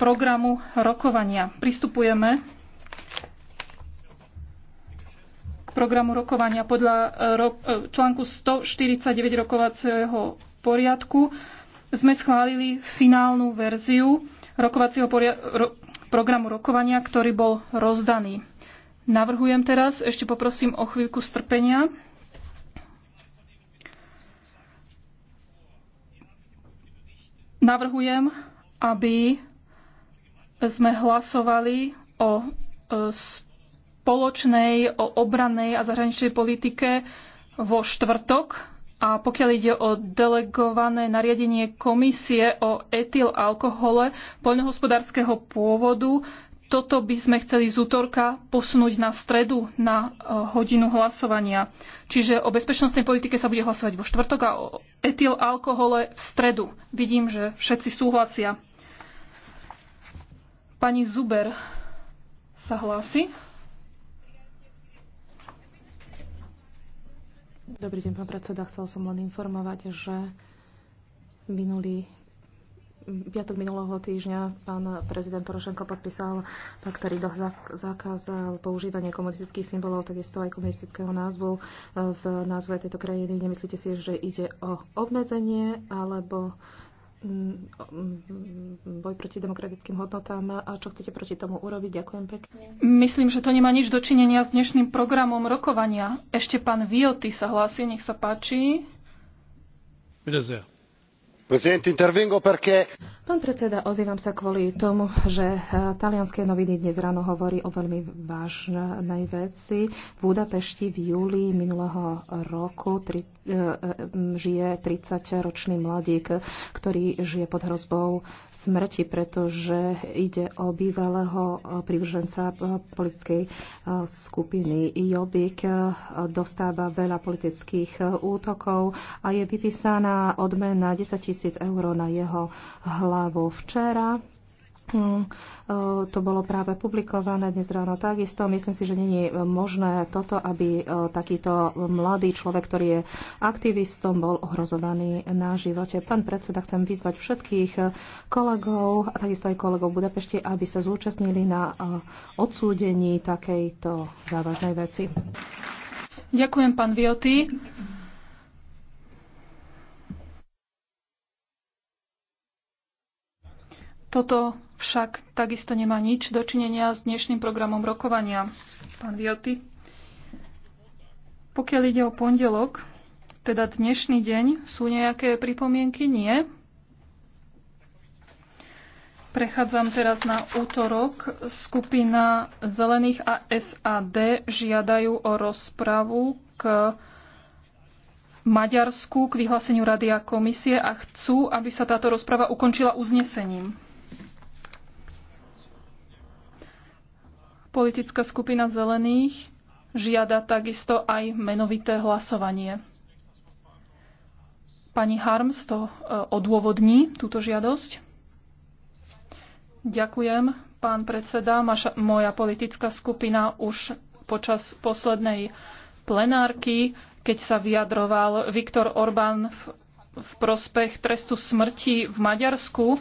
programu rokovania. Pristupujeme k programu rokovania podľa eh, eh, článku 149 rokovacieho poriadku. Sme schválili finálnu verziu rokovacieho programu rokovania, ktorý bol rozdaný. Navrhujem teraz, ešte poprosím o chvíľku strpenia. Navrhujem, aby sme hlasovali o e, spoločnej, o obranej a zahraničnej politike vo štvrtok. A pokiaľ ide o delegované nariadenie komisie o etyl alkohole poľnohospodárskeho pôvodu, toto by sme chceli z útorka posunúť na stredu na e, hodinu hlasovania. Čiže o bezpečnostnej politike sa bude hlasovať vo štvrtok a o etyl alkohole v stredu. Vidím, že všetci súhlasia. Pani Zuber sa hlási. Dobrý deň, pán predseda. Chcel som len informovať, že minulý piatok minulého týždňa pán prezident Porošenko podpísal tak ktorý zakázal používanie komunistických symbolov, takisto aj komunistického názvu e, v názve tejto krajiny. Nemyslíte si, že ide o obmedzenie alebo boj proti demokratickým hodnotám a čo chcete proti tomu urobiť. Ďakujem pekne. Myslím, že to nemá nič dočinenia s dnešným programom rokovania. Ešte pán Vioty sa hlási, nech sa páči. Vidíte. Pán predseda, ozývam sa kvôli tomu, že e, talianské noviny dnes ráno hovorí o veľmi vážnej veci. V Budapešti v júli minulého roku tri, e, e, žije 30-ročný mladík, ktorý žije pod hrozbou smrti, pretože ide o bývalého privrženca politickej skupiny Jobbik. Dostáva veľa politických útokov a je vypísaná odmena 10 tisíc tisíc eur na jeho hlavu včera. Hm, e, to bolo práve publikované dnes ráno takisto. Myslím si, že není možné toto, aby e, takýto mladý človek, ktorý je aktivistom, bol ohrozovaný na živote. Pán predseda, chcem vyzvať všetkých kolegov a takisto aj kolegov v Budapešti, aby sa zúčastnili na e, odsúdení takejto závažnej veci. Ďakujem, pán Vioty. Toto však takisto nemá nič dočinenia s dnešným programom rokovania. Pán Vioty, pokiaľ ide o pondelok, teda dnešný deň, sú nejaké pripomienky? Nie. Prechádzam teraz na útorok. Skupina Zelených a SAD žiadajú o rozpravu k Maďarsku, k vyhláseniu Rady a komisie a chcú, aby sa táto rozprava ukončila uznesením. Politická skupina zelených žiada takisto aj menovité hlasovanie. Pani Harms to e, odôvodní, túto žiadosť. Ďakujem, pán predseda. Maša, moja politická skupina už počas poslednej plenárky, keď sa vyjadroval Viktor Orbán v, v prospech trestu smrti v Maďarsku,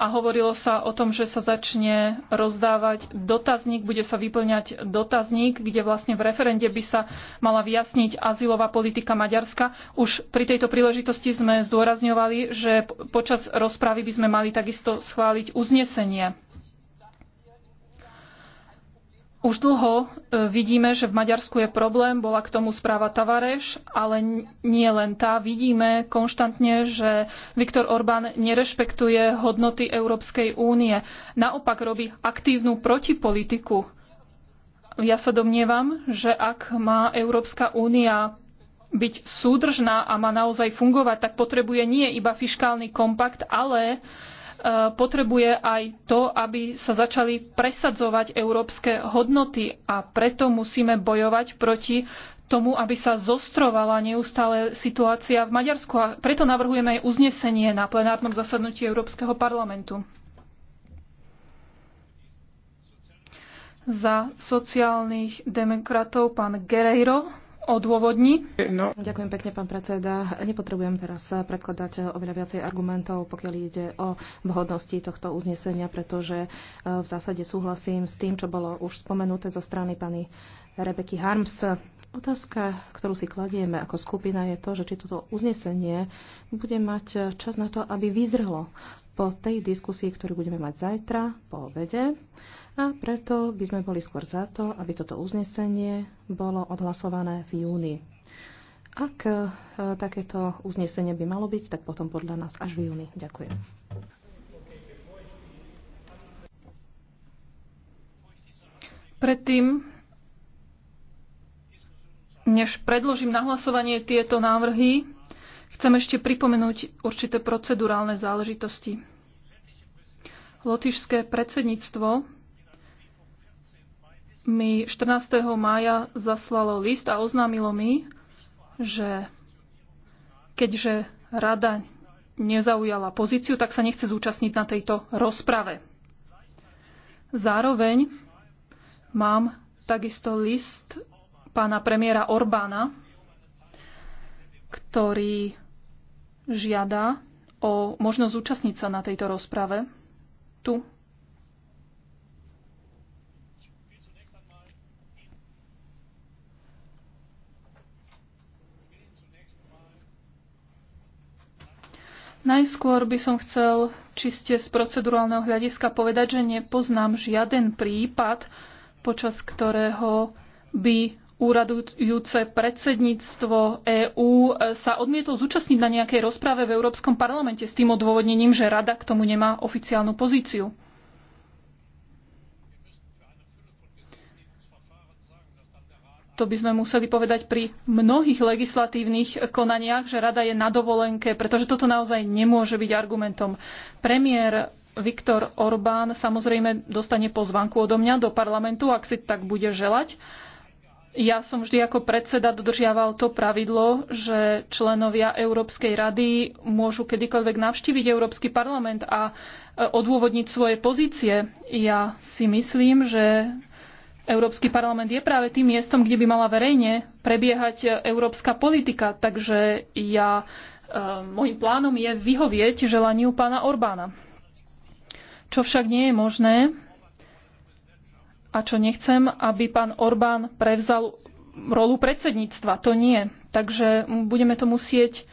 a hovorilo sa o tom, že sa začne rozdávať dotazník, bude sa vyplňať dotazník, kde vlastne v referende by sa mala vyjasniť azylová politika Maďarska. Už pri tejto príležitosti sme zdôrazňovali, že počas rozpravy by sme mali takisto schváliť uznesenie. Už dlho e, vidíme, že v Maďarsku je problém, bola k tomu správa Tavareš, ale nie len tá. Vidíme konštantne, že Viktor Orbán nerešpektuje hodnoty Európskej únie. Naopak robí aktívnu protipolitiku. Ja sa domnievam, že ak má Európska únia byť súdržná a má naozaj fungovať, tak potrebuje nie iba fiskálny kompakt, ale E, potrebuje aj to, aby sa začali presadzovať európske hodnoty a preto musíme bojovať proti tomu, aby sa zostrovala neustále situácia v Maďarsku a preto navrhujeme aj uznesenie na plenárnom zasadnutí Európskeho parlamentu. Za sociálnych demokratov pán Gereiro odôvodní. No. Ďakujem pekne, pán predseda. Nepotrebujem teraz predkladať oveľa viacej argumentov, pokiaľ ide o vhodnosti tohto uznesenia, pretože eh, v zásade súhlasím s tým, čo bolo už spomenuté zo strany pani Rebeky Harms. Otázka, ktorú si kladieme ako skupina, je to, že či toto uznesenie bude mať čas na to, aby vyzrhlo po tej diskusii, ktorú budeme mať zajtra po obede. A preto by sme boli skôr za to, aby toto uznesenie bolo odhlasované v júni. Ak e, takéto uznesenie by malo byť, tak potom podľa nás až v júni. Ďakujem. Predtým než predložím na hlasovanie tieto návrhy, chcem ešte pripomenúť určité procedurálne záležitosti. Lotyšské predsedníctvo mi 14. mája zaslalo list a oznámilo mi, že keďže rada nezaujala pozíciu, tak sa nechce zúčastniť na tejto rozprave. Zároveň mám takisto list pána premiéra Orbána, ktorý žiada o možnosť zúčastniť sa na tejto rozprave tu. Najskôr by som chcel čiste z procedurálneho hľadiska povedať, že nepoznám žiaden prípad, počas ktorého by úradujúce predsedníctvo EÚ e, sa odmietol zúčastniť na nejakej rozprave v Európskom parlamente s tým odôvodnením, že rada k tomu nemá oficiálnu pozíciu. To by sme museli povedať pri mnohých legislatívnych konaniach, že rada je na dovolenke, pretože toto naozaj nemôže byť argumentom. Premiér Viktor Orbán samozrejme dostane pozvanku odo mňa do parlamentu, ak si tak bude želať ja som vždy ako predseda dodržiaval to pravidlo, že členovia Európskej rady môžu kedykoľvek navštíviť Európsky parlament a e, odôvodniť svoje pozície. Ja si myslím, že Európsky parlament je práve tým miestom, kde by mala verejne prebiehať e, európska politika. Takže ja, e, môjim plánom je vyhovieť želaniu pána Orbána. Čo však nie je možné, a čo nechcem, aby pán Orbán prevzal rolu predsedníctva. To nie. Takže budeme to musieť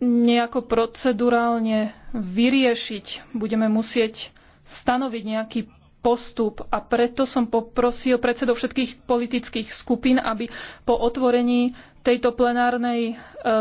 nejako procedurálne vyriešiť. Budeme musieť stanoviť nejaký postup a preto som poprosil predsedov všetkých politických skupín, aby po otvorení tejto plenárnej e,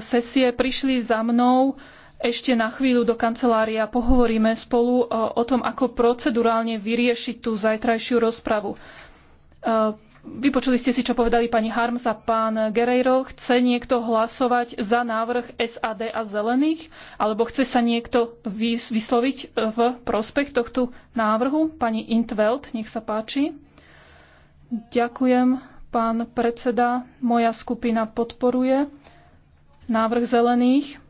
sesie prišli za mnou ešte na chvíľu do kancelária pohovoríme spolu e, o tom, ako procedurálne vyriešiť tú zajtrajšiu rozpravu. E, vypočuli ste si, čo povedali pani Harms a pán Guerreiro. Chce niekto hlasovať za návrh SAD a zelených? Alebo chce sa niekto vysloviť e, v prospech tohto návrhu? Pani Intveld, nech sa páči. Ďakujem, pán predseda. Moja skupina podporuje návrh zelených.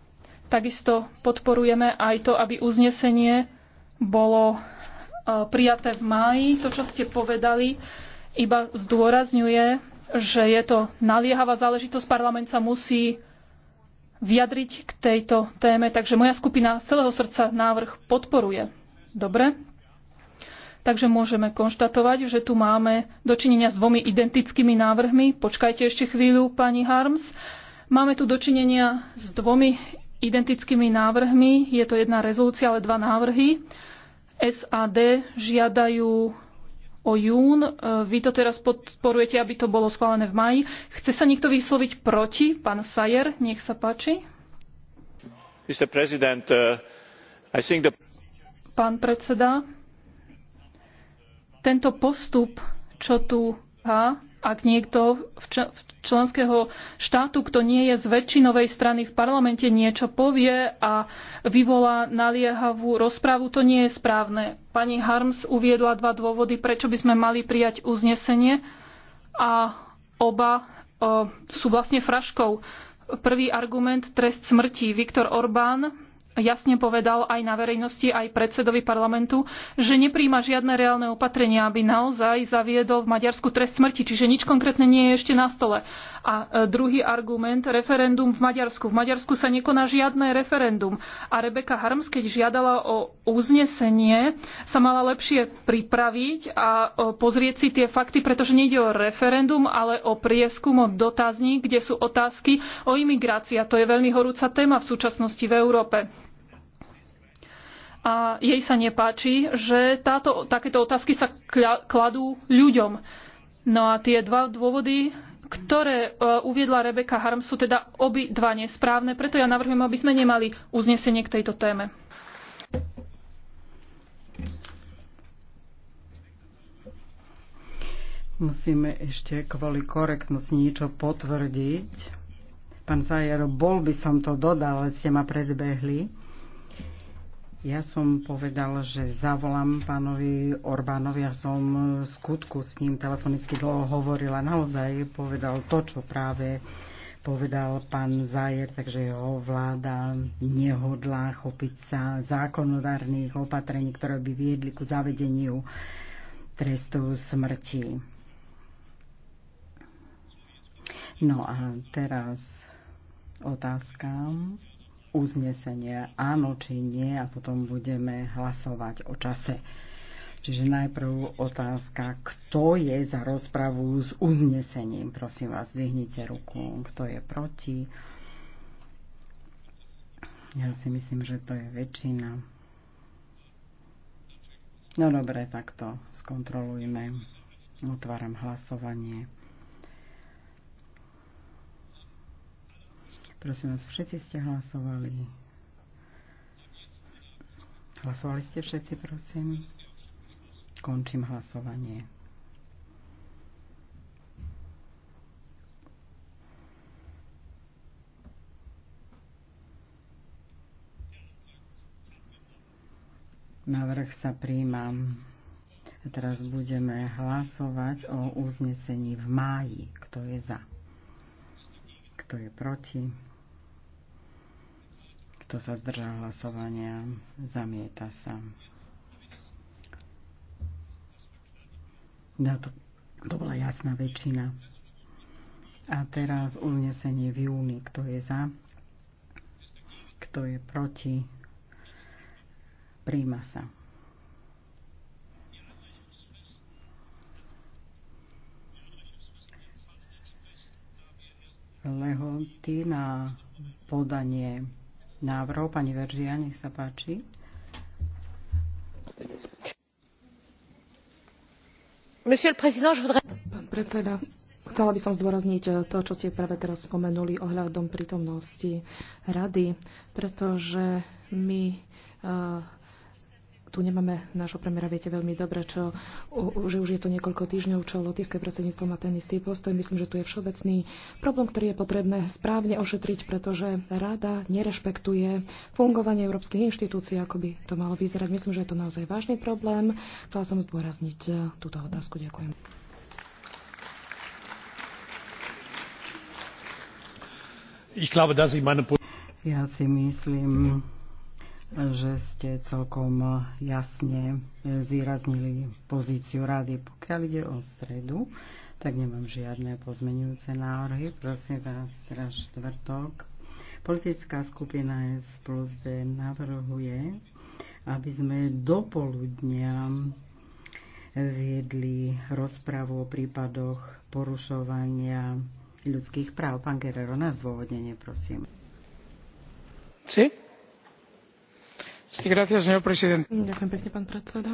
Takisto podporujeme aj to, aby uznesenie bolo e, prijaté v máji. To, čo ste povedali, iba zdôrazňuje, že je to naliehavá záležitosť. Parlament sa musí vyjadriť k tejto téme, takže moja skupina z celého srdca návrh podporuje. Dobre? Takže môžeme konštatovať, že tu máme dočinenia s dvomi identickými návrhmi. Počkajte ešte chvíľu, pani Harms. Máme tu dočinenia s dvomi identickými návrhmi. Je to jedna rezolúcia, ale dva návrhy. SAD žiadajú o jún. E, vy to teraz podporujete, aby to bolo schválené v maji. Chce sa niekto vysloviť proti? Pán Sajer, nech sa páči. Uh, Pán predseda, tento postup, čo tu há, ak niekto v členského štátu, kto nie je z väčšinovej strany v parlamente, niečo povie a vyvolá naliehavú rozprávu, to nie je správne. Pani Harms uviedla dva dôvody, prečo by sme mali prijať uznesenie a oba o, sú vlastne fraškou. Prvý argument, trest smrti. Viktor Orbán jasne povedal aj na verejnosti, aj predsedovi parlamentu, že nepríjma žiadne reálne opatrenia, aby naozaj zaviedol v Maďarsku trest smrti, čiže nič konkrétne nie je ešte na stole. A e, druhý argument, referendum v Maďarsku. V Maďarsku sa nekoná žiadne referendum. A Rebeka Harms, keď žiadala o uznesenie, sa mala lepšie pripraviť a e, pozrieť si tie fakty, pretože nejde o referendum, ale o prieskum, o dotazník, kde sú otázky o imigrácii. A to je veľmi horúca téma v súčasnosti v Európe a jej sa nepáči, že táto, takéto otázky sa kladú ľuďom. No a tie dva dôvody, ktoré e, uviedla Rebeka Harm, sú teda obi dva nesprávne, preto ja navrhujem, aby sme nemali uznesenie k tejto téme. Musíme ešte kvôli korektnosti niečo potvrdiť. Pán Zajer, bol by som to dodal, ale ste ma predbehli ja som povedal, že zavolám pánovi Orbánovi, ja som v skutku s ním telefonicky dlho hovorila. Naozaj povedal to, čo práve povedal pán Zajer, takže jeho vláda nehodlá chopiť sa zákonodárnych opatrení, ktoré by viedli ku zavedeniu trestu smrti. No a teraz otázka uznesenie áno či nie a potom budeme hlasovať o čase. Čiže najprv otázka, kto je za rozpravu s uznesením. Prosím vás, zdvihnite ruku. Kto je proti? Ja si myslím, že to je väčšina. No dobre, tak to skontrolujme. Otváram hlasovanie. Prosím vás, všetci ste hlasovali. Hlasovali ste všetci, prosím. Končím hlasovanie. Návrh sa príjmam. Teraz budeme hlasovať o uznesení v máji. Kto je za? Kto je proti? Kto sa zdržal hlasovania? Zamieta sa. No, to, to bola jasná väčšina. A teraz uznesenie v júni. Kto je za? Kto je proti? Príjma sa. lehoty na podanie návrhov. Pani Veržia, nech sa páči. Pán predseda, chcela by som zdôrazniť eh, to, čo ste práve teraz spomenuli ohľadom prítomnosti rady, pretože my eh, tu nemáme nášho premiéra, viete veľmi dobre, čo, že už je to niekoľko týždňov, čo lotické predsedníctvo má ten istý postoj. Myslím, že tu je všeobecný problém, ktorý je potrebné správne ošetriť, pretože rada nerešpektuje fungovanie európskych inštitúcií, ako by to malo vyzerať. Myslím, že je to naozaj vážny problém. Chcela som zdôrazniť e, túto otázku. Ďakujem. Ich glaube, dass ich meine ja si myslím, že ste celkom jasne zvýraznili pozíciu rady. Pokiaľ ide o stredu, tak nemám žiadne pozmenujúce návrhy. Prosím vás, teraz štvrtok. Politická skupina S plus D navrhuje, aby sme do poludnia viedli rozpravu o prípadoch porušovania ľudských práv. Pán Guerrero, na zdôvodnenie, prosím. Sí? Ďakujem pekne, pán predseda.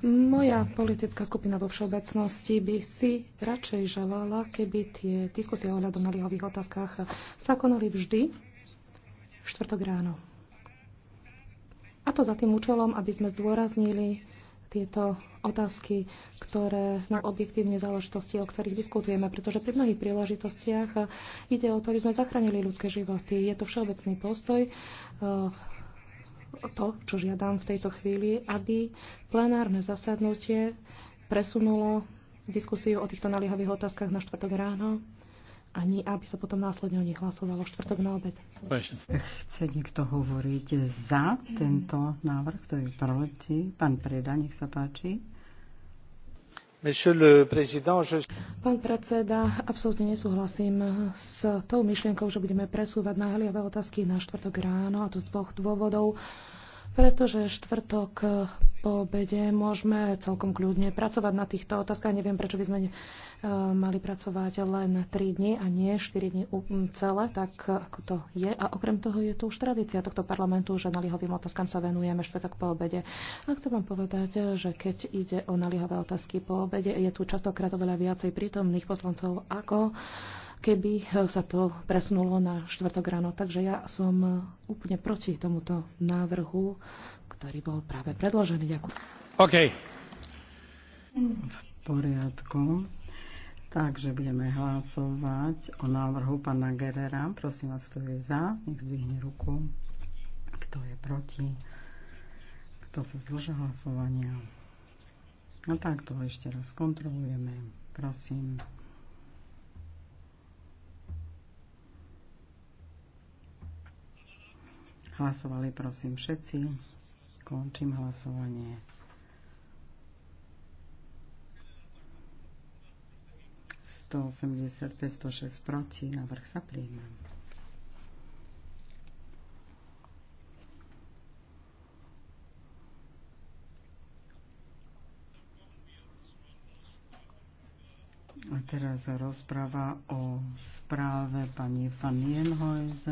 Moja politická skupina vo všeobecnosti by si radšej želala, keby tie diskusie ohľadom liehových otázkach sa konali vždy v štvrtok ráno. A to za tým účelom, aby sme zdôraznili tieto otázky, ktoré na objektívne záležitosti, o ktorých diskutujeme, pretože pri mnohých príležitostiach ide o to, aby sme zachránili ľudské životy. Je to všeobecný postoj to, čo žiadam v tejto chvíli, aby plenárne zasadnutie presunulo diskusiu o týchto naliehavých otázkach na štvrtok ráno ani aby sa potom následne o nich hlasovalo štvrtok na obed. Chce niekto hovoriť za tento návrh, ktorý je proti? Pán Preda, nech sa páči. Pán predseda, absolútne nesúhlasím s tou myšlienkou, že budeme presúvať naliehavé otázky na štvrtok ráno, a to z dvoch dôvodov pretože štvrtok po obede môžeme celkom kľudne pracovať na týchto otázkach. Neviem, prečo by sme e, mali pracovať len 3 dni a nie 4 dni celé, tak e, ako to je. A okrem toho je tu už tradícia tohto parlamentu, že nalihovým otázkam sa venujeme štvrtok po obede. A chcem vám povedať, že keď ide o nalihové otázky po obede, je tu častokrát oveľa viacej prítomných poslancov ako keby eh, sa to presunulo na štvrtok ráno. Takže ja som eh, úplne proti tomuto návrhu, ktorý bol práve predložený. Ďakujem. OK. V poriadku. Takže budeme hlasovať o návrhu pana Gerera. Prosím vás, kto je za, nech zdvihne ruku. Kto je proti? Kto sa zdržal hlasovania? No tak to ešte raz kontrolujeme. Prosím. Hlasovali prosím všetci. Končím hlasovanie. Sto proti. Navrh sa príjme. A teraz rozpráva o správe pani Fanien Jenhojze.